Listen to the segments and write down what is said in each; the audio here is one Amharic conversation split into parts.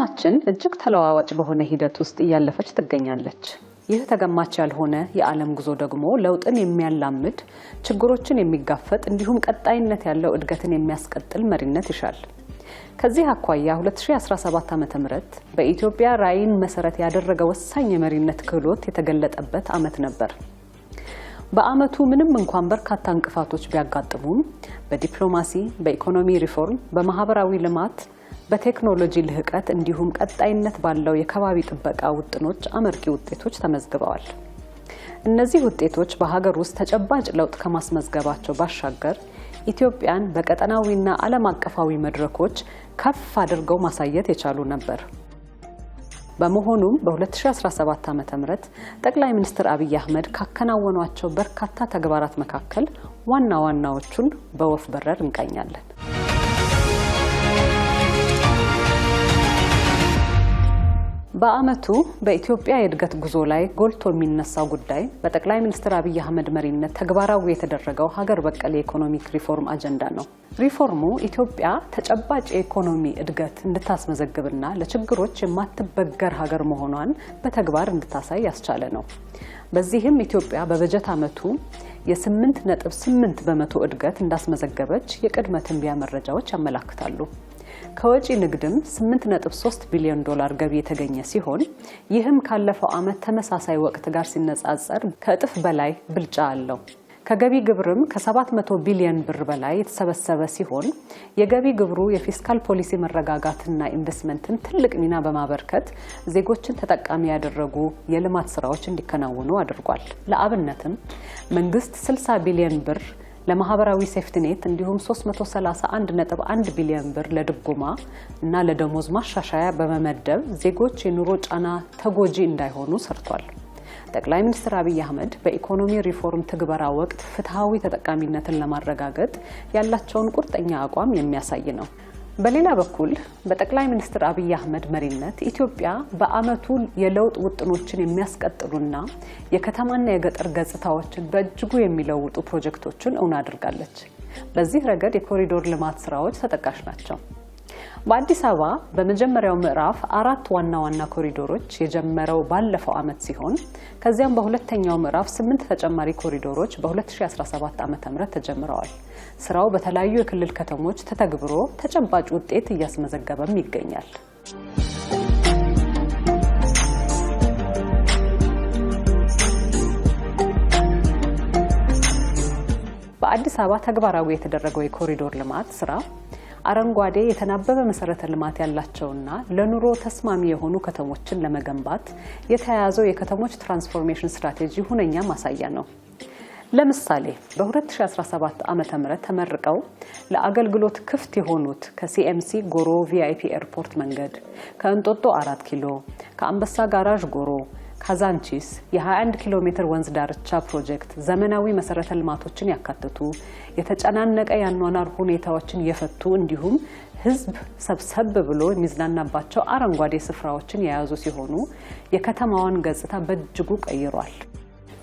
ዓለማችን እጅግ ተለዋዋጭ በሆነ ሂደት ውስጥ እያለፈች ትገኛለች። ይህ ተገማች ያልሆነ የዓለም ጉዞ ደግሞ ለውጥን የሚያላምድ ችግሮችን የሚጋፈጥ እንዲሁም ቀጣይነት ያለው እድገትን የሚያስቀጥል መሪነት ይሻል። ከዚህ አኳያ 2017 ዓ.ም በኢትዮጵያ ራዕይን መሰረት ያደረገ ወሳኝ የመሪነት ክህሎት የተገለጠበት ዓመት ነበር። በዓመቱ ምንም እንኳን በርካታ እንቅፋቶች ቢያጋጥሙም በዲፕሎማሲ፣ በኢኮኖሚ ሪፎርም፣ በማህበራዊ ልማት በቴክኖሎጂ ልህቀት እንዲሁም ቀጣይነት ባለው የከባቢ ጥበቃ ውጥኖች አመርቂ ውጤቶች ተመዝግበዋል። እነዚህ ውጤቶች በሀገር ውስጥ ተጨባጭ ለውጥ ከማስመዝገባቸው ባሻገር ኢትዮጵያን በቀጠናዊና ዓለም አቀፋዊ መድረኮች ከፍ አድርገው ማሳየት የቻሉ ነበር። በመሆኑም በ2017 ዓ ም ጠቅላይ ሚኒስትር አብይ አህመድ ካከናወኗቸው በርካታ ተግባራት መካከል ዋና ዋናዎቹን በወፍ በረር እንቃኛለን። በዓመቱ በኢትዮጵያ የእድገት ጉዞ ላይ ጎልቶ የሚነሳው ጉዳይ በጠቅላይ ሚኒስትር አብይ አህመድ መሪነት ተግባራዊ የተደረገው ሀገር በቀል የኢኮኖሚክ ሪፎርም አጀንዳ ነው። ሪፎርሙ ኢትዮጵያ ተጨባጭ የኢኮኖሚ እድገት እንድታስመዘግብና ለችግሮች የማትበገር ሀገር መሆኗን በተግባር እንድታሳይ ያስቻለ ነው። በዚህም ኢትዮጵያ በበጀት ዓመቱ የ8.8 በመቶ እድገት እንዳስመዘገበች የቅድመ ትንቢያ መረጃዎች ያመላክታሉ። ከወጪ ንግድም 8.3 ቢሊዮን ዶላር ገቢ የተገኘ ሲሆን ይህም ካለፈው ዓመት ተመሳሳይ ወቅት ጋር ሲነጻጸር ከእጥፍ በላይ ብልጫ አለው። ከገቢ ግብርም ከ700 ቢሊዮን ብር በላይ የተሰበሰበ ሲሆን የገቢ ግብሩ የፊስካል ፖሊሲ መረጋጋትና ኢንቨስትመንትን ትልቅ ሚና በማበርከት ዜጎችን ተጠቃሚ ያደረጉ የልማት ስራዎች እንዲከናወኑ አድርጓል። ለአብነትም መንግስት 60 ቢሊዮን ብር ለማህበራዊ ሴፍቲኔት እንዲሁም 331.1 ቢሊዮን ብር ለድጎማ እና ለደሞዝ ማሻሻያ በመመደብ ዜጎች የኑሮ ጫና ተጎጂ እንዳይሆኑ ሰርቷል። ጠቅላይ ሚኒስትር አብይ አህመድ በኢኮኖሚ ሪፎርም ትግበራ ወቅት ፍትሐዊ ተጠቃሚነትን ለማረጋገጥ ያላቸውን ቁርጠኛ አቋም የሚያሳይ ነው። በሌላ በኩል በጠቅላይ ሚኒስትር አብይ አህመድ መሪነት ኢትዮጵያ በአመቱ የለውጥ ውጥኖችን የሚያስቀጥሉና የከተማና የገጠር ገጽታዎችን በእጅጉ የሚለውጡ ፕሮጀክቶችን እውን አድርጋለች። በዚህ ረገድ የኮሪዶር ልማት ስራዎች ተጠቃሽ ናቸው። በአዲስ አበባ በመጀመሪያው ምዕራፍ አራት ዋና ዋና ኮሪዶሮች የጀመረው ባለፈው ዓመት ሲሆን ከዚያም በሁለተኛው ምዕራፍ ስምንት ተጨማሪ ኮሪዶሮች በ2017 ዓ.ም ተጀምረዋል። ስራው በተለያዩ የክልል ከተሞች ተተግብሮ ተጨባጭ ውጤት እያስመዘገበም ይገኛል። በአዲስ አበባ ተግባራዊ የተደረገው የኮሪዶር ልማት ስራ አረንጓዴ የተናበበ መሰረተ ልማት ያላቸውና ለኑሮ ተስማሚ የሆኑ ከተሞችን ለመገንባት የተያያዘው የከተሞች ትራንስፎርሜሽን ስትራቴጂ ሁነኛ ማሳያ ነው። ለምሳሌ በ2017 ዓ ም ተመርቀው ለአገልግሎት ክፍት የሆኑት ከሲኤምሲ ጎሮ ቪአይፒ ኤርፖርት መንገድ፣ ከእንጦጦ 4 ኪሎ፣ ከአንበሳ ጋራዥ ጎሮ፣ ካዛንቺስ የ21 ኪሎ ሜትር ወንዝ ዳርቻ ፕሮጀክት ዘመናዊ መሰረተ ልማቶችን ያካትቱ የተጨናነቀ የአኗኗር ሁኔታዎችን የፈቱ እንዲሁም ህዝብ ሰብሰብ ብሎ የሚዝናናባቸው አረንጓዴ ስፍራዎችን የያዙ ሲሆኑ የከተማዋን ገጽታ በእጅጉ ቀይሯል።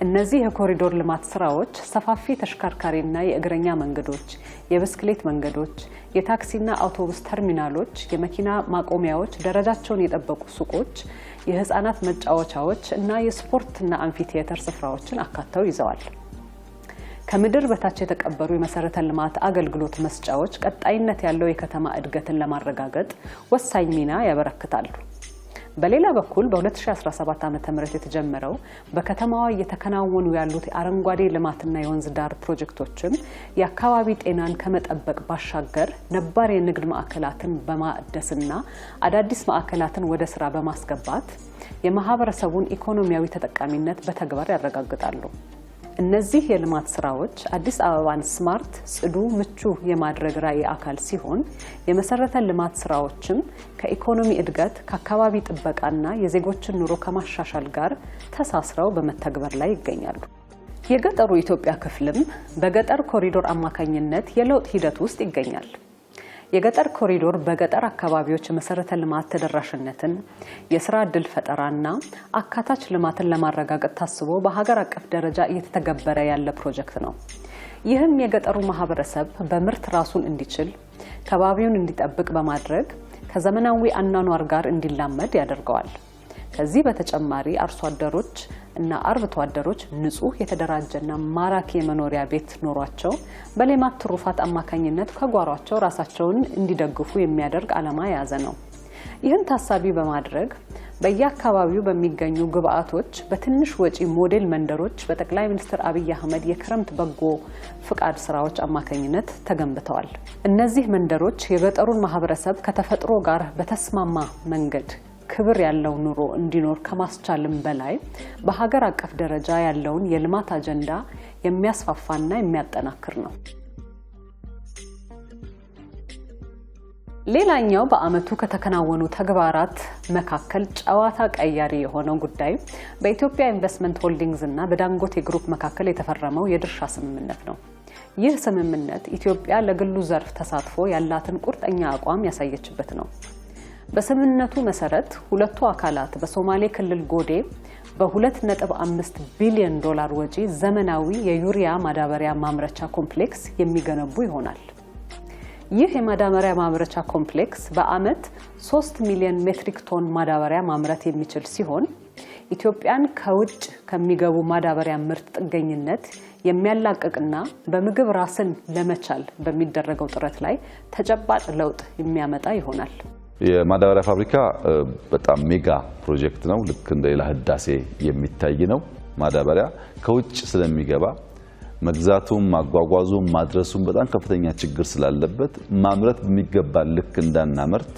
እነዚህ የኮሪዶር ልማት ስራዎች ሰፋፊ ተሽከርካሪና የእግረኛ መንገዶች፣ የብስክሌት መንገዶች፣ የታክሲና አውቶቡስ ተርሚናሎች፣ የመኪና ማቆሚያዎች፣ ደረጃቸውን የጠበቁ ሱቆች፣ የህፃናት መጫወቻዎች እና የስፖርትና አምፊቲያተር ስፍራዎችን አካተው ይዘዋል። ከምድር በታች የተቀበሩ የመሰረተ ልማት አገልግሎት መስጫዎች ቀጣይነት ያለው የከተማ እድገትን ለማረጋገጥ ወሳኝ ሚና ያበረክታሉ። በሌላ በኩል በ2017 ዓ ም የተጀመረው በከተማዋ እየተከናወኑ ያሉት የአረንጓዴ ልማትና የወንዝ ዳር ፕሮጀክቶችም የአካባቢ ጤናን ከመጠበቅ ባሻገር ነባር የንግድ ማዕከላትን በማደስና አዳዲስ ማዕከላትን ወደ ስራ በማስገባት የማህበረሰቡን ኢኮኖሚያዊ ተጠቃሚነት በተግባር ያረጋግጣሉ። እነዚህ የልማት ስራዎች አዲስ አበባን ስማርት፣ ጽዱ፣ ምቹ የማድረግ ራዕይ አካል ሲሆን የመሰረተ ልማት ስራዎችም ከኢኮኖሚ እድገት ከአካባቢ ጥበቃና የዜጎችን ኑሮ ከማሻሻል ጋር ተሳስረው በመተግበር ላይ ይገኛሉ። የገጠሩ ኢትዮጵያ ክፍልም በገጠር ኮሪዶር አማካኝነት የለውጥ ሂደት ውስጥ ይገኛል። የገጠር ኮሪዶር በገጠር አካባቢዎች መሰረተ ልማት ተደራሽነትን፣ የስራ ዕድል ፈጠራና አካታች ልማትን ለማረጋገጥ ታስቦ በሀገር አቀፍ ደረጃ እየተተገበረ ያለ ፕሮጀክት ነው። ይህም የገጠሩ ማህበረሰብ በምርት ራሱን እንዲችል፣ ከባቢውን እንዲጠብቅ በማድረግ ከዘመናዊ አኗኗር ጋር እንዲላመድ ያደርገዋል። ከዚህ በተጨማሪ አርሶ አደሮች እና አርብቶ አደሮች ንጹህ የተደራጀና ማራኪ የመኖሪያ ቤት ኖሯቸው በሌማት ትሩፋት አማካኝነት ከጓሯቸው ራሳቸውን እንዲደግፉ የሚያደርግ ዓላማ የያዘ ነው። ይህን ታሳቢ በማድረግ በየአካባቢው በሚገኙ ግብአቶች በትንሽ ወጪ ሞዴል መንደሮች በጠቅላይ ሚኒስትር አብይ አህመድ የክረምት በጎ ፍቃድ ስራዎች አማካኝነት ተገንብተዋል። እነዚህ መንደሮች የገጠሩን ማህበረሰብ ከተፈጥሮ ጋር በተስማማ መንገድ ክብር ያለው ኑሮ እንዲኖር ከማስቻልም በላይ በሀገር አቀፍ ደረጃ ያለውን የልማት አጀንዳ የሚያስፋፋና የሚያጠናክር ነው። ሌላኛው በዓመቱ ከተከናወኑ ተግባራት መካከል ጨዋታ ቀያሪ የሆነው ጉዳይ በኢትዮጵያ ኢንቨስትመንት ሆልዲንግስ እና በዳንጎቴ ግሩፕ መካከል የተፈረመው የድርሻ ስምምነት ነው። ይህ ስምምነት ኢትዮጵያ ለግሉ ዘርፍ ተሳትፎ ያላትን ቁርጠኛ አቋም ያሳየችበት ነው። በስምምነቱ መሰረት ሁለቱ አካላት በሶማሌ ክልል ጎዴ በ2.5 ቢሊዮን ዶላር ወጪ ዘመናዊ የዩሪያ ማዳበሪያ ማምረቻ ኮምፕሌክስ የሚገነቡ ይሆናል። ይህ የማዳበሪያ ማምረቻ ኮምፕሌክስ በዓመት 3 ሚሊዮን ሜትሪክ ቶን ማዳበሪያ ማምረት የሚችል ሲሆን ኢትዮጵያን ከውጭ ከሚገቡ ማዳበሪያ ምርት ጥገኝነት የሚያላቅቅና በምግብ ራስን ለመቻል በሚደረገው ጥረት ላይ ተጨባጭ ለውጥ የሚያመጣ ይሆናል። የማዳበሪያ ፋብሪካ በጣም ሜጋ ፕሮጀክት ነው። ልክ እንደ ሌላ ህዳሴ የሚታይ ነው። ማዳበሪያ ከውጭ ስለሚገባ መግዛቱም ማጓጓዙም ማድረሱም በጣም ከፍተኛ ችግር ስላለበት ማምረት በሚገባ ልክ እንዳናመርት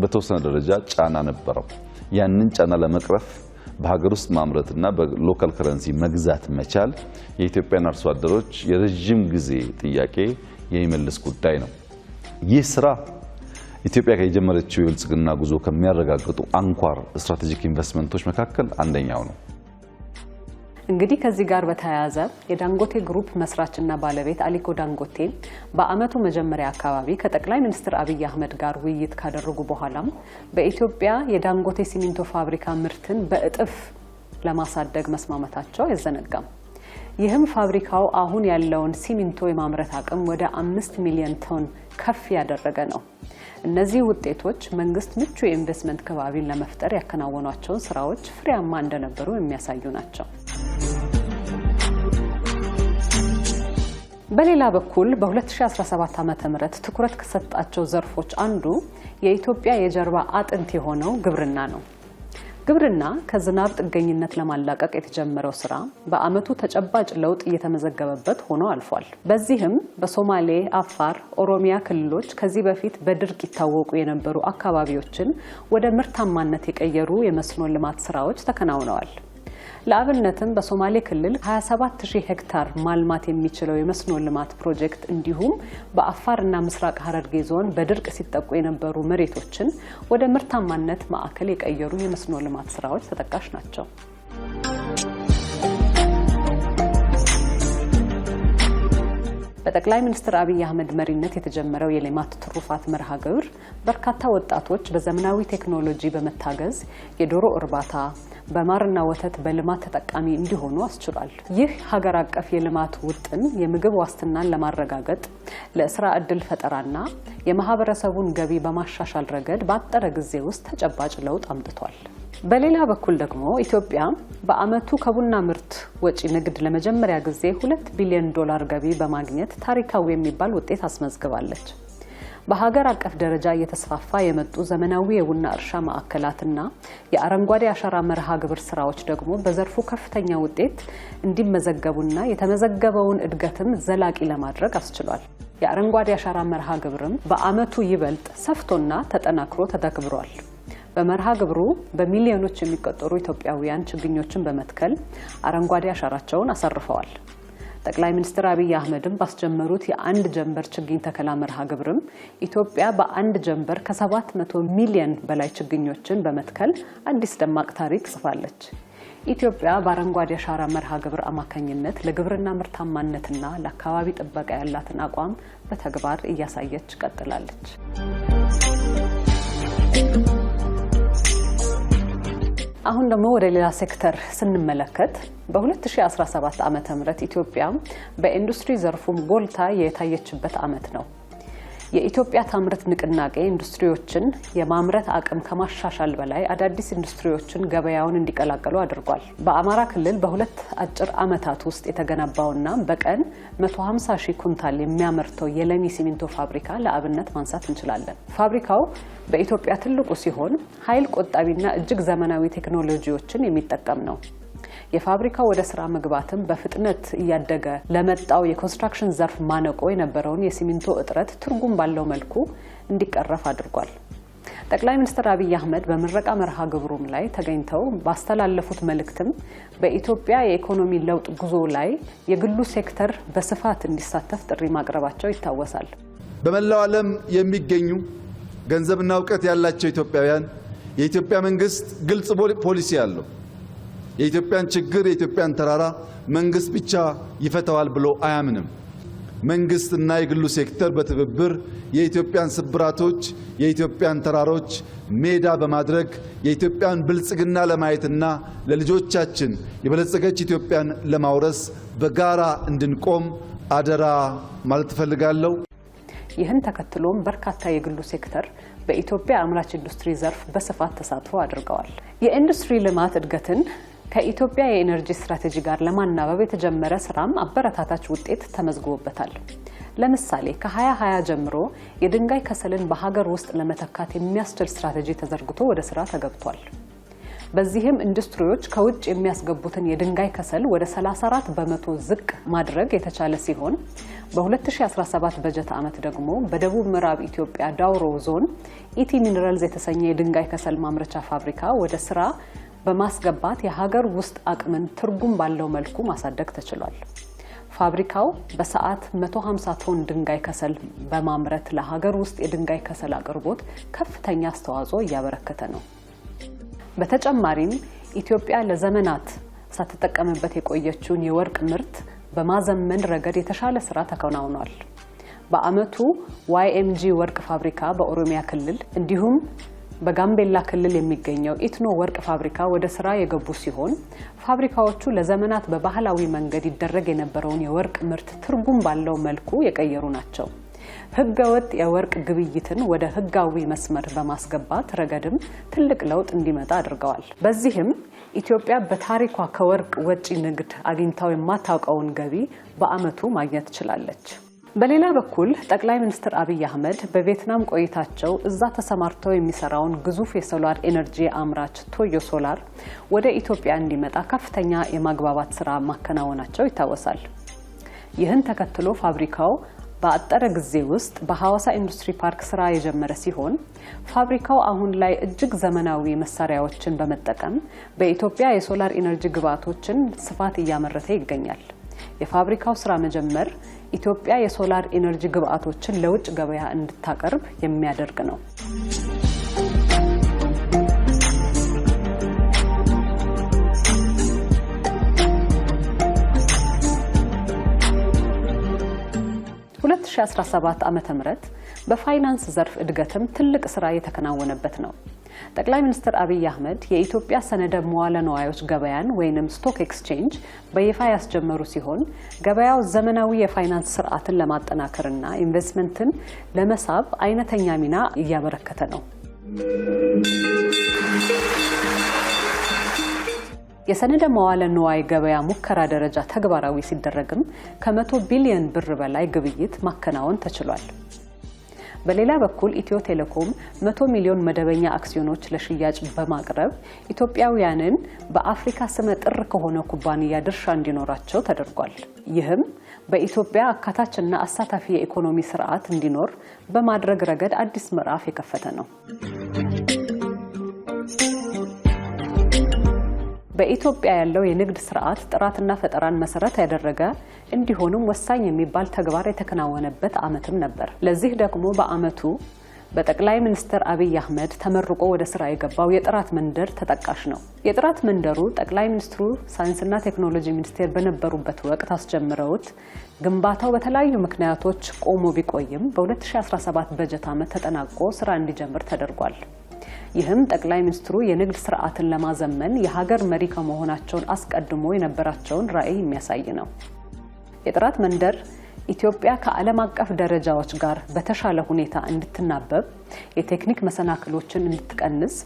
በተወሰነ ደረጃ ጫና ነበረው። ያንን ጫና ለመቅረፍ በሀገር ውስጥ ማምረትና በሎካል ከረንሲ መግዛት መቻል የኢትዮጵያን አርሶ አደሮች የረዥም ጊዜ ጥያቄ የሚመልስ ጉዳይ ነው። ይህ ስራ ኢትዮጵያ የጀመረችው የብልጽግና ጉዞ ከሚያረጋግጡ አንኳር ስትራቴጂክ ኢንቨስትመንቶች መካከል አንደኛው ነው። እንግዲህ ከዚህ ጋር በተያያዘ የዳንጎቴ ግሩፕ መስራችና ባለቤት አሊኮ ዳንጎቴ በዓመቱ መጀመሪያ አካባቢ ከጠቅላይ ሚኒስትር አብይ አህመድ ጋር ውይይት ካደረጉ በኋላም በኢትዮጵያ የዳንጎቴ ሲሚንቶ ፋብሪካ ምርትን በእጥፍ ለማሳደግ መስማመታቸው አይዘነጋም። ይህም ፋብሪካው አሁን ያለውን ሲሚንቶ የማምረት አቅም ወደ አምስት ሚሊዮን ቶን ከፍ ያደረገ ነው። እነዚህ ውጤቶች መንግስት ምቹ የኢንቨስትመንት ከባቢን ለመፍጠር ያከናወኗቸውን ስራዎች ፍሬያማ እንደነበሩ የሚያሳዩ ናቸው። በሌላ በኩል በ2017 ዓ ም ትኩረት ከሰጣቸው ዘርፎች አንዱ የኢትዮጵያ የጀርባ አጥንት የሆነው ግብርና ነው። ግብርና ከዝናብ ጥገኝነት ለማላቀቅ የተጀመረው ስራ በዓመቱ ተጨባጭ ለውጥ እየተመዘገበበት ሆኖ አልፏል። በዚህም በሶማሌ፣ አፋር፣ ኦሮሚያ ክልሎች ከዚህ በፊት በድርቅ ይታወቁ የነበሩ አካባቢዎችን ወደ ምርታማነት የቀየሩ የመስኖ ልማት ስራዎች ተከናውነዋል። ለአብነትም በሶማሌ ክልል 27000 ሄክታር ማልማት የሚችለው የመስኖ ልማት ፕሮጀክት እንዲሁም በአፋርና ምስራቅ ሀረርጌ ዞን በድርቅ ሲጠቁ የነበሩ መሬቶችን ወደ ምርታማነት ማዕከል የቀየሩ የመስኖ ልማት ስራዎች ተጠቃሽ ናቸው። በጠቅላይ ሚኒስትር አብይ አህመድ መሪነት የተጀመረው የሌማት ትሩፋት መርሃ ግብር በርካታ ወጣቶች በዘመናዊ ቴክኖሎጂ በመታገዝ የዶሮ እርባታ በማርና ወተት በልማት ተጠቃሚ እንዲሆኑ አስችሏል። ይህ ሀገር አቀፍ የልማት ውጥን የምግብ ዋስትናን ለማረጋገጥ ለስራ ዕድል ፈጠራና የማህበረሰቡን ገቢ በማሻሻል ረገድ ባጠረ ጊዜ ውስጥ ተጨባጭ ለውጥ አምጥቷል። በሌላ በኩል ደግሞ ኢትዮጵያ በዓመቱ ከቡና ምርት ወጪ ንግድ ለመጀመሪያ ጊዜ ሁለት ቢሊዮን ዶላር ገቢ በማግኘት ታሪካዊ የሚባል ውጤት አስመዝግባለች። በሀገር አቀፍ ደረጃ እየተስፋፋ የመጡ ዘመናዊ የቡና እርሻ ማዕከላትና የአረንጓዴ አሻራ መርሃ ግብር ስራዎች ደግሞ በዘርፉ ከፍተኛ ውጤት እንዲመዘገቡና የተመዘገበውን እድገትም ዘላቂ ለማድረግ አስችሏል። የአረንጓዴ አሻራ መርሃ ግብርም በዓመቱ ይበልጥ ሰፍቶና ተጠናክሮ ተተግብሯል። በመርሃ ግብሩ በሚሊዮኖች የሚቆጠሩ ኢትዮጵያውያን ችግኞችን በመትከል አረንጓዴ አሻራቸውን አሳርፈዋል። ጠቅላይ ሚኒስትር አብይ አህመድም ባስጀመሩት የአንድ ጀንበር ችግኝ ተከላ መርሃ ግብርም ኢትዮጵያ በአንድ ጀንበር ከ700 ሚሊዮን በላይ ችግኞችን በመትከል አዲስ ደማቅ ታሪክ ጽፋለች። ኢትዮጵያ በአረንጓዴ አሻራ መርሃ ግብር አማካኝነት ለግብርና ምርታማነትና ለአካባቢ ጥበቃ ያላትን አቋም በተግባር እያሳየች ቀጥላለች። አሁን ደግሞ ወደ ሌላ ሴክተር ስንመለከት በ2017 ም ኢትዮጵያ በኢንዱስትሪ ዘርፉም ጎልታ የታየችበት ዓመት ነው። የኢትዮጵያ ታምርት ንቅናቄ ኢንዱስትሪዎችን የማምረት አቅም ከማሻሻል በላይ አዳዲስ ኢንዱስትሪዎችን ገበያውን እንዲቀላቀሉ አድርጓል። በአማራ ክልል በሁለት አጭር ዓመታት ውስጥ የተገነባውና በቀን 150 ሺህ ኩንታል የሚያመርተው የለሚ ሲሚንቶ ፋብሪካ ለአብነት ማንሳት እንችላለን። ፋብሪካው በኢትዮጵያ ትልቁ ሲሆን ኃይል ቆጣቢና እጅግ ዘመናዊ ቴክኖሎጂዎችን የሚጠቀም ነው። የፋብሪካው ወደ ስራ መግባትም በፍጥነት እያደገ ለመጣው የኮንስትራክሽን ዘርፍ ማነቆ የነበረውን የሲሚንቶ እጥረት ትርጉም ባለው መልኩ እንዲቀረፍ አድርጓል። ጠቅላይ ሚኒስትር አብይ አህመድ በምረቃ መርሃ ግብሩም ላይ ተገኝተው ባስተላለፉት መልእክትም በኢትዮጵያ የኢኮኖሚ ለውጥ ጉዞ ላይ የግሉ ሴክተር በስፋት እንዲሳተፍ ጥሪ ማቅረባቸው ይታወሳል። በመላው ዓለም የሚገኙ ገንዘብና እውቀት ያላቸው ኢትዮጵያውያን የኢትዮጵያ መንግስት ግልጽ ፖሊሲ አለው። የኢትዮጵያን ችግር የኢትዮጵያን ተራራ መንግስት ብቻ ይፈተዋል ብሎ አያምንም። መንግስት እና የግሉ ሴክተር በትብብር የኢትዮጵያን ስብራቶች የኢትዮጵያን ተራሮች ሜዳ በማድረግ የኢትዮጵያን ብልጽግና ለማየትና ለልጆቻችን የበለጸገች ኢትዮጵያን ለማውረስ በጋራ እንድንቆም አደራ ማለት እፈልጋለሁ። ይህን ተከትሎም በርካታ የግሉ ሴክተር በኢትዮጵያ አምራች ኢንዱስትሪ ዘርፍ በስፋት ተሳትፎ አድርገዋል። የኢንዱስትሪ ልማት እድገትን ከኢትዮጵያ የኤነርጂ ስትራቴጂ ጋር ለማናበብ የተጀመረ ስራም አበረታታች ውጤት ተመዝግቦበታል። ለምሳሌ ከ2020 ጀምሮ የድንጋይ ከሰልን በሀገር ውስጥ ለመተካት የሚያስችል ስትራቴጂ ተዘርግቶ ወደ ስራ ተገብቷል። በዚህም ኢንዱስትሪዎች ከውጭ የሚያስገቡትን የድንጋይ ከሰል ወደ 34 በመቶ ዝቅ ማድረግ የተቻለ ሲሆን በ2017 በጀት ዓመት ደግሞ በደቡብ ምዕራብ ኢትዮጵያ ዳውሮ ዞን ኢቲ ሚኒራልዝ የተሰኘ የድንጋይ ከሰል ማምረቻ ፋብሪካ ወደ ስራ በማስገባት የሀገር ውስጥ አቅምን ትርጉም ባለው መልኩ ማሳደግ ተችሏል። ፋብሪካው በሰዓት 150 ቶን ድንጋይ ከሰል በማምረት ለሀገር ውስጥ የድንጋይ ከሰል አቅርቦት ከፍተኛ አስተዋጽኦ እያበረከተ ነው። በተጨማሪም ኢትዮጵያ ለዘመናት ሳትጠቀምበት የቆየችውን የወርቅ ምርት በማዘመን ረገድ የተሻለ ስራ ተከናውኗል። በዓመቱ ዋይኤምጂ ወርቅ ፋብሪካ በኦሮሚያ ክልል እንዲሁም በጋምቤላ ክልል የሚገኘው ኢትኖ ወርቅ ፋብሪካ ወደ ስራ የገቡ ሲሆን ፋብሪካዎቹ ለዘመናት በባህላዊ መንገድ ይደረግ የነበረውን የወርቅ ምርት ትርጉም ባለው መልኩ የቀየሩ ናቸው። ህገወጥ የወርቅ ግብይትን ወደ ህጋዊ መስመር በማስገባት ረገድም ትልቅ ለውጥ እንዲመጣ አድርገዋል። በዚህም ኢትዮጵያ በታሪኳ ከወርቅ ወጪ ንግድ አግኝታው የማታውቀውን ገቢ በአመቱ ማግኘት ችላለች። በሌላ በኩል ጠቅላይ ሚኒስትር አብይ አህመድ በቪየትናም ቆይታቸው እዛ ተሰማርተው የሚሰራውን ግዙፍ የሶላር ኤነርጂ አምራች ቶዮ ሶላር ወደ ኢትዮጵያ እንዲመጣ ከፍተኛ የማግባባት ስራ ማከናወናቸው ይታወሳል። ይህን ተከትሎ ፋብሪካው በአጠረ ጊዜ ውስጥ በሐዋሳ ኢንዱስትሪ ፓርክ ስራ የጀመረ ሲሆን ፋብሪካው አሁን ላይ እጅግ ዘመናዊ መሳሪያዎችን በመጠቀም በኢትዮጵያ የሶላር ኢነርጂ ግብዓቶችን ስፋት እያመረተ ይገኛል። የፋብሪካው ስራ መጀመር ኢትዮጵያ የሶላር ኢነርጂ ግብዓቶችን ለውጭ ገበያ እንድታቀርብ የሚያደርግ ነው። በ2017 ዓመተ ም በፋይናንስ ዘርፍ እድገትም ትልቅ ስራ የተከናወነበት ነው። ጠቅላይ ሚኒስትር አብይ አህመድ የኢትዮጵያ ሰነደ መዋለ ነዋዮች ገበያን ወይንም ስቶክ ኤክስቼንጅ በይፋ ያስጀመሩ ሲሆን ገበያው ዘመናዊ የፋይናንስ ስርዓትን ለማጠናከርና ኢንቨስትመንትን ለመሳብ አይነተኛ ሚና እያበረከተ ነው። የሰነደ መዋለ ንዋይ ገበያ ሙከራ ደረጃ ተግባራዊ ሲደረግም ከመቶ ቢሊዮን ብር በላይ ግብይት ማከናወን ተችሏል። በሌላ በኩል ኢትዮ ቴሌኮም 100 ሚሊዮን መደበኛ አክሲዮኖች ለሽያጭ በማቅረብ ኢትዮጵያውያንን በአፍሪካ ስመጥር ከሆነ ኩባንያ ድርሻ እንዲኖራቸው ተደርጓል። ይህም በኢትዮጵያ አካታችና አሳታፊ የኢኮኖሚ ስርዓት እንዲኖር በማድረግ ረገድ አዲስ ምዕራፍ የከፈተ ነው። በኢትዮጵያ ያለው የንግድ ስርዓት ጥራትና ፈጠራን መሰረት ያደረገ እንዲሆንም ወሳኝ የሚባል ተግባር የተከናወነበት ዓመትም ነበር። ለዚህ ደግሞ በዓመቱ በጠቅላይ ሚኒስትር አብይ አህመድ ተመርቆ ወደ ስራ የገባው የጥራት መንደር ተጠቃሽ ነው። የጥራት መንደሩ ጠቅላይ ሚኒስትሩ ሳይንስና ቴክኖሎጂ ሚኒስቴር በነበሩበት ወቅት አስጀምረውት ግንባታው በተለያዩ ምክንያቶች ቆሞ ቢቆይም በ2017 በጀት ዓመት ተጠናቆ ስራ እንዲጀምር ተደርጓል። ይህም ጠቅላይ ሚኒስትሩ የንግድ ስርዓትን ለማዘመን የሀገር መሪ ከመሆናቸውን አስቀድሞ የነበራቸውን ራዕይ የሚያሳይ ነው። የጥራት መንደር ኢትዮጵያ ከዓለም አቀፍ ደረጃዎች ጋር በተሻለ ሁኔታ እንድትናበብ የቴክኒክ መሰናክሎችን እንድትቀንስ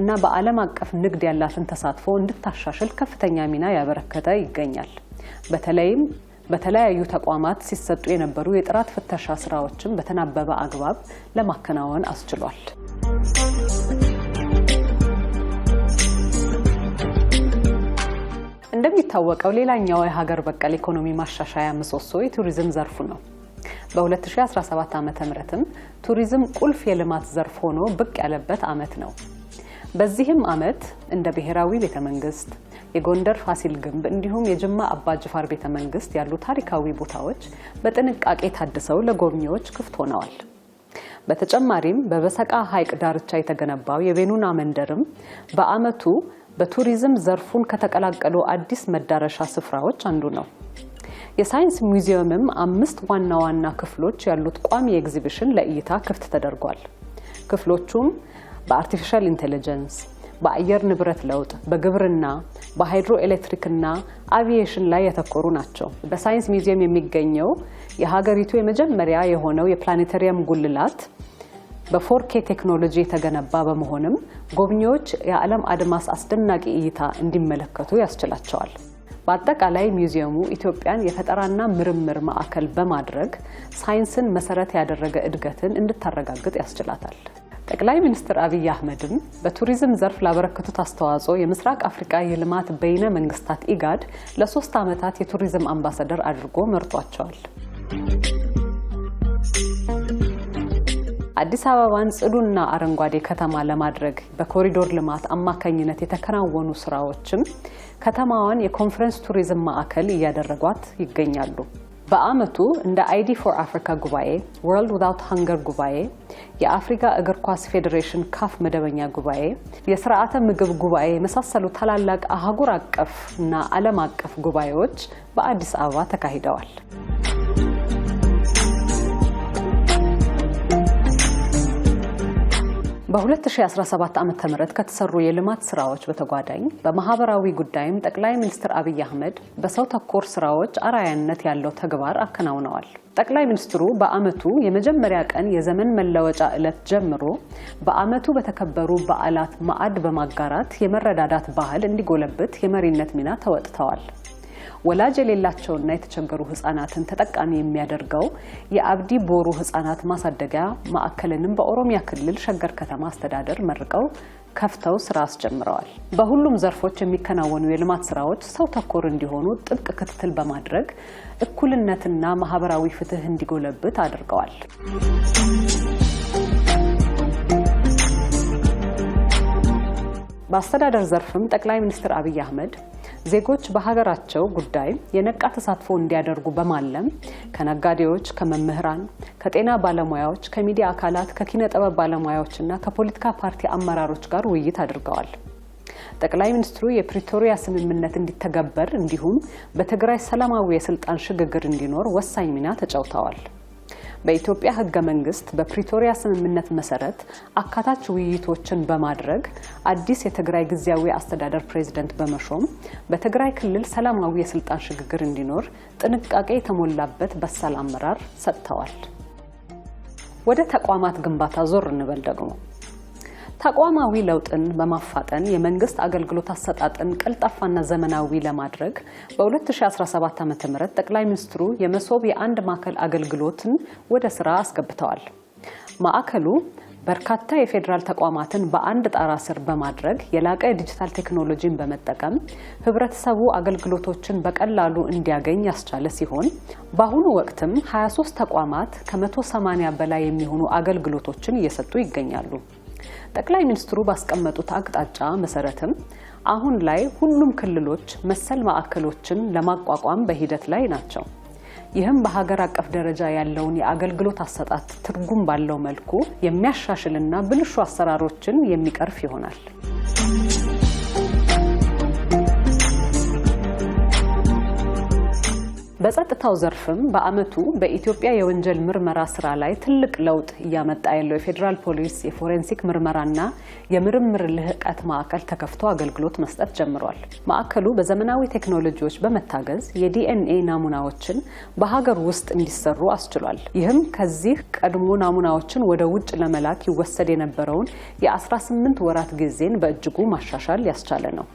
እና በዓለም አቀፍ ንግድ ያላትን ተሳትፎ እንድታሻሽል ከፍተኛ ሚና ያበረከተ ይገኛል። በተለይም በተለያዩ ተቋማት ሲሰጡ የነበሩ የጥራት ፍተሻ ስራዎችን በተናበበ አግባብ ለማከናወን አስችሏል። እንደሚታወቀው ሌላኛው የሀገር በቀል ኢኮኖሚ ማሻሻያ ምሰሶ የቱሪዝም ዘርፉ ነው። በ2017 ዓ ምትም ቱሪዝም ቁልፍ የልማት ዘርፍ ሆኖ ብቅ ያለበት ዓመት ነው። በዚህም ዓመት እንደ ብሔራዊ ቤተ መንግስት፣ የጎንደር ፋሲል ግንብ እንዲሁም የጅማ አባጅፋር ቤተ መንግስት ያሉ ታሪካዊ ቦታዎች በጥንቃቄ ታድሰው ለጎብኚዎች ክፍት ሆነዋል። በተጨማሪም በበሰቃ ሐይቅ ዳርቻ የተገነባው የቤኑና መንደርም በዓመቱ በቱሪዝም ዘርፉን ከተቀላቀሉ አዲስ መዳረሻ ስፍራዎች አንዱ ነው። የሳይንስ ሙዚየምም አምስት ዋና ዋና ክፍሎች ያሉት ቋሚ ኤግዚቢሽን ለእይታ ክፍት ተደርጓል። ክፍሎቹም በአርቲፊሻል ኢንቴሊጀንስ፣ በአየር ንብረት ለውጥ፣ በግብርና፣ በሃይድሮ ኤሌክትሪክና አቪዬሽን ላይ ያተኮሩ ናቸው። በሳይንስ ሙዚየም የሚገኘው የሀገሪቱ የመጀመሪያ የሆነው የፕላኔታሪየም ጉልላት በፎርኬ ቴክኖሎጂ የተገነባ በመሆንም ጎብኚዎች የዓለም አድማስ አስደናቂ እይታ እንዲመለከቱ ያስችላቸዋል። በአጠቃላይ ሚውዚየሙ ኢትዮጵያን የፈጠራና ምርምር ማዕከል በማድረግ ሳይንስን መሰረት ያደረገ እድገትን እንድታረጋግጥ ያስችላታል። ጠቅላይ ሚኒስትር አብይ አህመድም በቱሪዝም ዘርፍ ላበረከቱት አስተዋጽኦ የምስራቅ አፍሪካ የልማት በይነ መንግስታት ኢጋድ ለሶስት ዓመታት የቱሪዝም አምባሳደር አድርጎ መርጧቸዋል። አዲስ አበባን ጽዱና አረንጓዴ ከተማ ለማድረግ በኮሪዶር ልማት አማካኝነት የተከናወኑ ስራዎችም ከተማዋን የኮንፈረንስ ቱሪዝም ማዕከል እያደረጓት ይገኛሉ። በአመቱ እንደ አይዲ ፎር አፍሪካ ጉባኤ፣ ወርልድ ዊዛውት ሃንገር ጉባኤ፣ የአፍሪካ እግር ኳስ ፌዴሬሽን ካፍ መደበኛ ጉባኤ፣ የስርዓተ ምግብ ጉባኤ የመሳሰሉ ታላላቅ አህጉር አቀፍ እና ዓለም አቀፍ ጉባኤዎች በአዲስ አበባ ተካሂደዋል። በ2017 ዓ ም ከተሰሩ የልማት ስራዎች በተጓዳኝ በማህበራዊ ጉዳይም ጠቅላይ ሚኒስትር አብይ አህመድ በሰው ተኮር ስራዎች አራያነት ያለው ተግባር አከናውነዋል። ጠቅላይ ሚኒስትሩ በአመቱ የመጀመሪያ ቀን የዘመን መለወጫ ዕለት ጀምሮ በአመቱ በተከበሩ በዓላት ማዕድ በማጋራት የመረዳዳት ባህል እንዲጎለብት የመሪነት ሚና ተወጥተዋል። ወላጅ የሌላቸውና የተቸገሩ ህጻናትን ተጠቃሚ የሚያደርገው የአብዲ ቦሩ ህጻናት ማሳደጊያ ማዕከልንም በኦሮሚያ ክልል ሸገር ከተማ አስተዳደር መርቀው ከፍተው ስራ አስጀምረዋል። በሁሉም ዘርፎች የሚከናወኑ የልማት ስራዎች ሰው ተኮር እንዲሆኑ ጥብቅ ክትትል በማድረግ እኩልነትና ማህበራዊ ፍትህ እንዲጎለብት አድርገዋል። በአስተዳደር ዘርፍም ጠቅላይ ሚኒስትር አብይ አህመድ ዜጎች በሀገራቸው ጉዳይ የነቃ ተሳትፎ እንዲያደርጉ በማለም ከነጋዴዎች፣ ከመምህራን፣ ከጤና ባለሙያዎች፣ ከሚዲያ አካላት፣ ከኪነ ጥበብ ባለሙያዎችና ከፖለቲካ ፓርቲ አመራሮች ጋር ውይይት አድርገዋል። ጠቅላይ ሚኒስትሩ የፕሪቶሪያ ስምምነት እንዲተገበር እንዲሁም በትግራይ ሰላማዊ የስልጣን ሽግግር እንዲኖር ወሳኝ ሚና ተጫውተዋል። በኢትዮጵያ ህገ መንግስት በፕሪቶሪያ ስምምነት መሰረት አካታች ውይይቶችን በማድረግ አዲስ የትግራይ ጊዜያዊ አስተዳደር ፕሬዝደንት በመሾም በትግራይ ክልል ሰላማዊ የስልጣን ሽግግር እንዲኖር ጥንቃቄ የተሞላበት በሳል አመራር ሰጥተዋል። ወደ ተቋማት ግንባታ ዞር እንበል ደግሞ ተቋማዊ ለውጥን በማፋጠን የመንግስት አገልግሎት አሰጣጥን ቀልጣፋና ዘመናዊ ለማድረግ በ2017 ዓ ም ጠቅላይ ሚኒስትሩ የመሶብ የአንድ ማዕከል አገልግሎትን ወደ ስራ አስገብተዋል። ማዕከሉ በርካታ የፌዴራል ተቋማትን በአንድ ጣራ ስር በማድረግ የላቀ የዲጂታል ቴክኖሎጂን በመጠቀም ህብረተሰቡ አገልግሎቶችን በቀላሉ እንዲያገኝ ያስቻለ ሲሆን በአሁኑ ወቅትም 23 ተቋማት ከ180 በላይ የሚሆኑ አገልግሎቶችን እየሰጡ ይገኛሉ። ጠቅላይ ሚኒስትሩ ባስቀመጡት አቅጣጫ መሰረትም አሁን ላይ ሁሉም ክልሎች መሰል ማዕከሎችን ለማቋቋም በሂደት ላይ ናቸው። ይህም በሀገር አቀፍ ደረጃ ያለውን የአገልግሎት አሰጣጥ ትርጉም ባለው መልኩ የሚያሻሽልና ብልሹ አሰራሮችን የሚቀርፍ ይሆናል። በጸጥታው ዘርፍም በዓመቱ በኢትዮጵያ የወንጀል ምርመራ ስራ ላይ ትልቅ ለውጥ እያመጣ ያለው የፌዴራል ፖሊስ የፎሬንሲክ ምርመራና የምርምር ልህቀት ማዕከል ተከፍቶ አገልግሎት መስጠት ጀምሯል። ማዕከሉ በዘመናዊ ቴክኖሎጂዎች በመታገዝ የዲኤንኤ ናሙናዎችን በሀገር ውስጥ እንዲሰሩ አስችሏል። ይህም ከዚህ ቀድሞ ናሙናዎችን ወደ ውጭ ለመላክ ይወሰድ የነበረውን የ18 ወራት ጊዜን በእጅጉ ማሻሻል ያስቻለ ነው።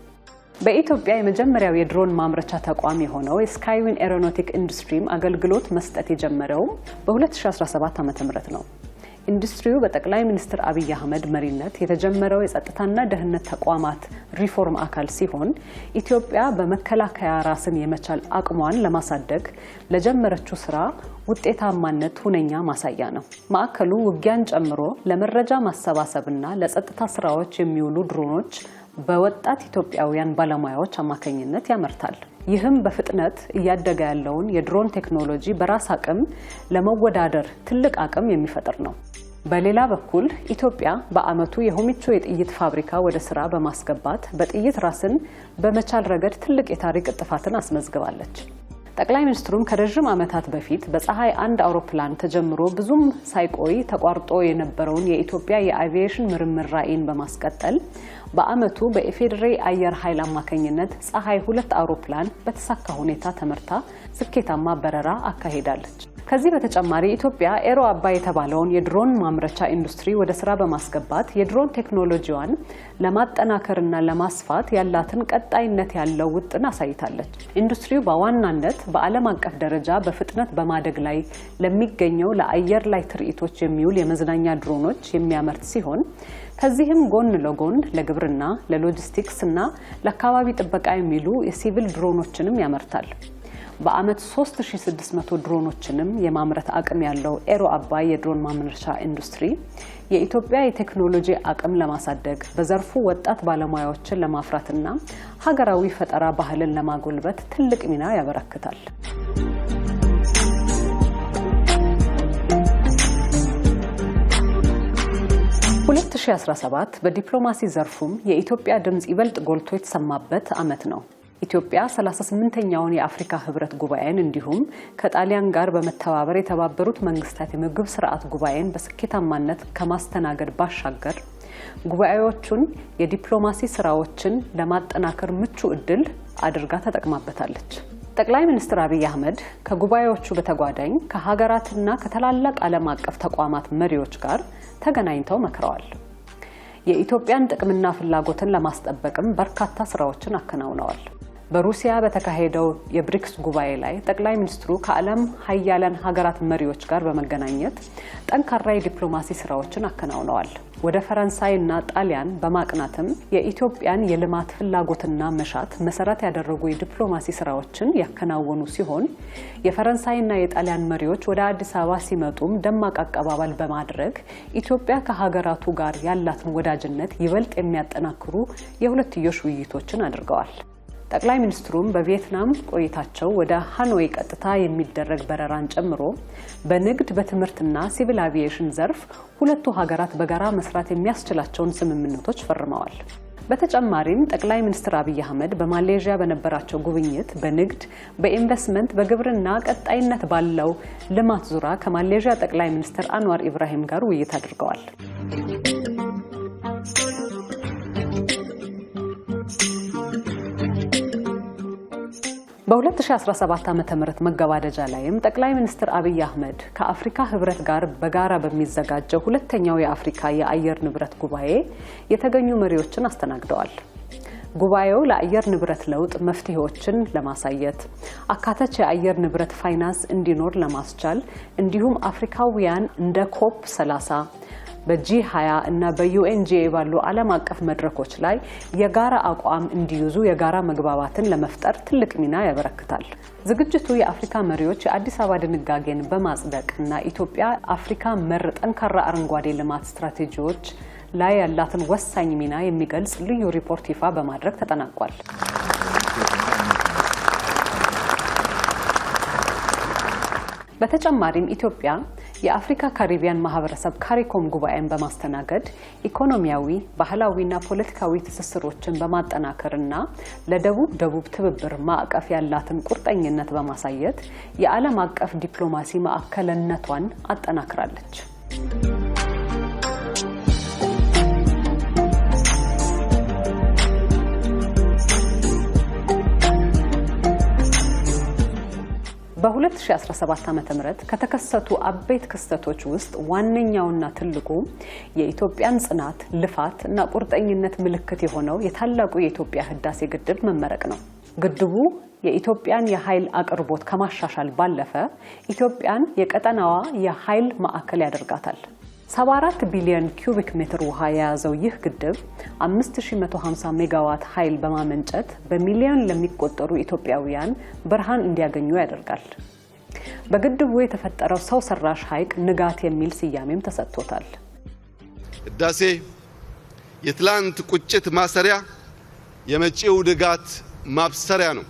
በኢትዮጵያ የመጀመሪያው የድሮን ማምረቻ ተቋም የሆነው የስካይዊን ኤሮኖቲክ ኢንዱስትሪም አገልግሎት መስጠት የጀመረውም በ2017 ዓ.ም ነው። ኢንዱስትሪው በጠቅላይ ሚኒስትር አብይ አህመድ መሪነት የተጀመረው የጸጥታና ደህንነት ተቋማት ሪፎርም አካል ሲሆን ኢትዮጵያ በመከላከያ ራስን የመቻል አቅሟን ለማሳደግ ለጀመረችው ስራ ውጤታማነት ሁነኛ ማሳያ ነው። ማዕከሉ ውጊያን ጨምሮ ለመረጃ ማሰባሰብና ለጸጥታ ስራዎች የሚውሉ ድሮኖች በወጣት ኢትዮጵያውያን ባለሙያዎች አማካኝነት ያመርታል። ይህም በፍጥነት እያደገ ያለውን የድሮን ቴክኖሎጂ በራስ አቅም ለመወዳደር ትልቅ አቅም የሚፈጥር ነው። በሌላ በኩል ኢትዮጵያ በዓመቱ የሆሚቾ የጥይት ፋብሪካ ወደ ስራ በማስገባት በጥይት ራስን በመቻል ረገድ ትልቅ የታሪክ እጥፋትን አስመዝግባለች። ጠቅላይ ሚኒስትሩም ከረዥም ዓመታት በፊት በፀሐይ አንድ አውሮፕላን ተጀምሮ ብዙም ሳይቆይ ተቋርጦ የነበረውን የኢትዮጵያ የአቪዬሽን ምርምር ራዕይን በማስቀጠል በአመቱ በኢፌዴሪ አየር ኃይል አማካኝነት ፀሐይ ሁለት አውሮፕላን በተሳካ ሁኔታ ተመርታ ስኬታማ በረራ አካሂዳለች። ከዚህ በተጨማሪ ኢትዮጵያ ኤሮ አባ የተባለውን የድሮን ማምረቻ ኢንዱስትሪ ወደ ስራ በማስገባት የድሮን ቴክኖሎጂዋን ለማጠናከርና ለማስፋት ያላትን ቀጣይነት ያለው ውጥን አሳይታለች። ኢንዱስትሪው በዋናነት በዓለም አቀፍ ደረጃ በፍጥነት በማደግ ላይ ለሚገኘው ለአየር ላይ ትርኢቶች የሚውል የመዝናኛ ድሮኖች የሚያመርት ሲሆን ከዚህም ጎን ለጎን ለግብርና፣ ለሎጂስቲክስ እና ለአካባቢ ጥበቃ የሚሉ የሲቪል ድሮኖችንም ያመርታል። በአመት 3600 ድሮኖችንም የማምረት አቅም ያለው ኤሮ አባይ የድሮን ማምረቻ ኢንዱስትሪ የኢትዮጵያ የቴክኖሎጂ አቅም ለማሳደግ በዘርፉ ወጣት ባለሙያዎችን ለማፍራትና ሀገራዊ ፈጠራ ባህልን ለማጎልበት ትልቅ ሚና ያበረክታል። ሁለት ሺ አስራ ሰባት በዲፕሎማሲ ዘርፉም የኢትዮጵያ ድምፅ ይበልጥ ጎልቶ የተሰማበት አመት ነው። ኢትዮጵያ 38ኛውን የአፍሪካ ህብረት ጉባኤን እንዲሁም ከጣሊያን ጋር በመተባበር የተባበሩት መንግስታት የምግብ ስርዓት ጉባኤን በስኬታማነት ከማስተናገድ ባሻገር ጉባኤዎቹን የዲፕሎማሲ ስራዎችን ለማጠናከር ምቹ እድል አድርጋ ተጠቅማበታለች። ጠቅላይ ሚኒስትር አብይ አህመድ ከጉባኤዎቹ በተጓዳኝ ከሀገራትና ከታላላቅ ዓለም አቀፍ ተቋማት መሪዎች ጋር ተገናኝተው መክረዋል። የኢትዮጵያን ጥቅምና ፍላጎትን ለማስጠበቅም በርካታ ስራዎችን አከናውነዋል። በሩሲያ በተካሄደው የብሪክስ ጉባኤ ላይ ጠቅላይ ሚኒስትሩ ከዓለም ሀያላን ሀገራት መሪዎች ጋር በመገናኘት ጠንካራ የዲፕሎማሲ ስራዎችን አከናውነዋል። ወደ ፈረንሳይና ጣሊያን በማቅናትም የኢትዮጵያን የልማት ፍላጎትና መሻት መሰረት ያደረጉ የዲፕሎማሲ ስራዎችን ያከናወኑ ሲሆን የፈረንሳይና የጣሊያን መሪዎች ወደ አዲስ አበባ ሲመጡም ደማቅ አቀባበል በማድረግ ኢትዮጵያ ከሀገራቱ ጋር ያላትን ወዳጅነት ይበልጥ የሚያጠናክሩ የሁለትዮሽ ውይይቶችን አድርገዋል። ጠቅላይ ሚኒስትሩም በቪየትናም ቆይታቸው ወደ ሃኖይ ቀጥታ የሚደረግ በረራን ጨምሮ በንግድ በትምህርትና ሲቪል አቪዬሽን ዘርፍ ሁለቱ ሀገራት በጋራ መስራት የሚያስችላቸውን ስምምነቶች ፈርመዋል። በተጨማሪም ጠቅላይ ሚኒስትር አብይ አህመድ በማሌዥያ በነበራቸው ጉብኝት በንግድ፣ በኢንቨስትመንት፣ በግብርና ቀጣይነት ባለው ልማት ዙሪያ ከማሌዥያ ጠቅላይ ሚኒስትር አንዋር ኢብራሂም ጋር ውይይት አድርገዋል። በ2017 ዓ ም መገባደጃ ላይም ጠቅላይ ሚኒስትር አብይ አህመድ ከአፍሪካ ህብረት ጋር በጋራ በሚዘጋጀው ሁለተኛው የአፍሪካ የአየር ንብረት ጉባኤ የተገኙ መሪዎችን አስተናግደዋል። ጉባኤው ለአየር ንብረት ለውጥ መፍትሄዎችን ለማሳየት አካተች የአየር ንብረት ፋይናንስ እንዲኖር ለማስቻል እንዲሁም አፍሪካውያን እንደ ኮፕ 30 በጂ 20 እና በዩኤንጂኤ ባሉ ዓለም አቀፍ መድረኮች ላይ የጋራ አቋም እንዲይዙ የጋራ መግባባትን ለመፍጠር ትልቅ ሚና ያበረክታል። ዝግጅቱ የአፍሪካ መሪዎች የአዲስ አበባ ድንጋጌን በማጽደቅ እና ኢትዮጵያ አፍሪካ መር ጠንካራ አረንጓዴ ልማት ስትራቴጂዎች ላይ ያላትን ወሳኝ ሚና የሚገልጽ ልዩ ሪፖርት ይፋ በማድረግ ተጠናቋል። በተጨማሪም ኢትዮጵያ የአፍሪካ ካሪቢያን ማህበረሰብ ካሪኮም ጉባኤን በማስተናገድ ኢኮኖሚያዊ፣ ባህላዊና ፖለቲካዊ ትስስሮችን በማጠናከርና ለደቡብ ደቡብ ትብብር ማዕቀፍ ያላትን ቁርጠኝነት በማሳየት የዓለም አቀፍ ዲፕሎማሲ ማዕከልነቷን አጠናክራለች። በ2017 ዓ ም ከተከሰቱ አበይት ክስተቶች ውስጥ ዋነኛውና ትልቁ የኢትዮጵያን ጽናት፣ ልፋት እና ቁርጠኝነት ምልክት የሆነው የታላቁ የኢትዮጵያ ህዳሴ ግድብ መመረቅ ነው። ግድቡ የኢትዮጵያን የኃይል አቅርቦት ከማሻሻል ባለፈ ኢትዮጵያን የቀጠናዋ የኃይል ማዕከል ያደርጋታል። 74 ቢሊዮን ኪዩቢክ ሜትር ውሃ የያዘው ይህ ግድብ 5150 ሜጋዋት ኃይል በማመንጨት በሚሊዮን ለሚቆጠሩ ኢትዮጵያውያን ብርሃን እንዲያገኙ ያደርጋል። በግድቡ የተፈጠረው ሰው ሰራሽ ሐይቅ ንጋት የሚል ስያሜም ተሰጥቶታል። ህዳሴ የትላንት ቁጭት ማሰሪያ፣ የመጪው ንጋት ማብሰሪያ ነው።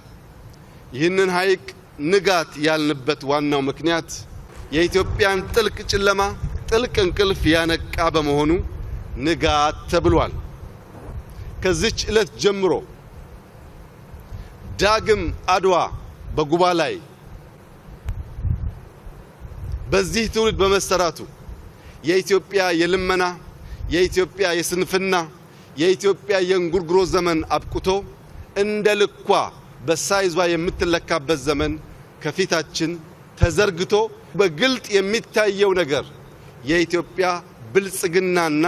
ይህንን ሐይቅ ንጋት ያልንበት ዋናው ምክንያት የኢትዮጵያን ጥልቅ ጨለማ ጥልቅ እንቅልፍ ያነቃ በመሆኑ ንጋት ተብሏል። ከዚች ዕለት ጀምሮ ዳግም አድዋ በጉባ ላይ በዚህ ትውልድ በመሰራቱ የኢትዮጵያ የልመና የኢትዮጵያ የስንፍና የኢትዮጵያ የእንጉርጉሮ ዘመን አብቅቶ እንደ ልኳ በሳይዟ የምትለካበት ዘመን ከፊታችን ተዘርግቶ በግልጥ የሚታየው ነገር የኢትዮጵያ ብልጽግናና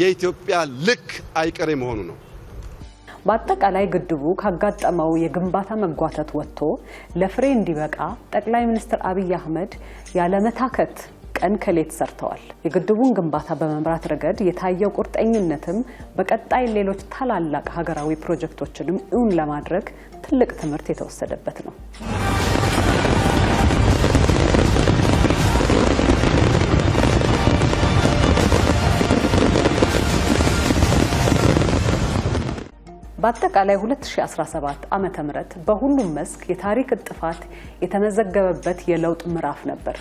የኢትዮጵያ ልክ አይቀሬ መሆኑ ነው። በአጠቃላይ ግድቡ ካጋጠመው የግንባታ መጓተት ወጥቶ ለፍሬ እንዲበቃ ጠቅላይ ሚኒስትር አብይ አህመድ ያለመታከት ቀን ከሌት ሰርተዋል። የግድቡን ግንባታ በመምራት ረገድ የታየው ቁርጠኝነትም በቀጣይ ሌሎች ታላላቅ ሀገራዊ ፕሮጀክቶችንም እውን ለማድረግ ትልቅ ትምህርት የተወሰደበት ነው። በአጠቃላይ 2017 ዓ ም በሁሉም መስክ የታሪክ እጥፋት የተመዘገበበት የለውጥ ምዕራፍ ነበር።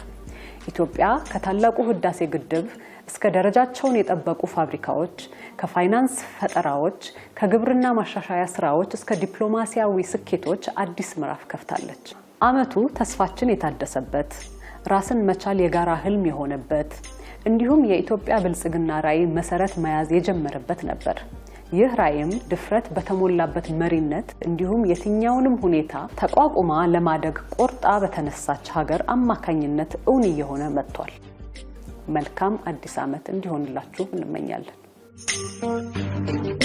ኢትዮጵያ ከታላቁ ህዳሴ ግድብ እስከ ደረጃቸውን የጠበቁ ፋብሪካዎች፣ ከፋይናንስ ፈጠራዎች፣ ከግብርና ማሻሻያ ስራዎች እስከ ዲፕሎማሲያዊ ስኬቶች አዲስ ምዕራፍ ከፍታለች። አመቱ ተስፋችን የታደሰበት፣ ራስን መቻል የጋራ ህልም የሆነበት እንዲሁም የኢትዮጵያ ብልጽግና ራዕይ መሰረት መያዝ የጀመረበት ነበር። ይህ ራዕይም ድፍረት በተሞላበት መሪነት እንዲሁም የትኛውንም ሁኔታ ተቋቁማ ለማደግ ቆርጣ በተነሳች ሀገር አማካኝነት እውን እየሆነ መጥቷል። መልካም አዲስ ዓመት እንዲሆንላችሁ እንመኛለን።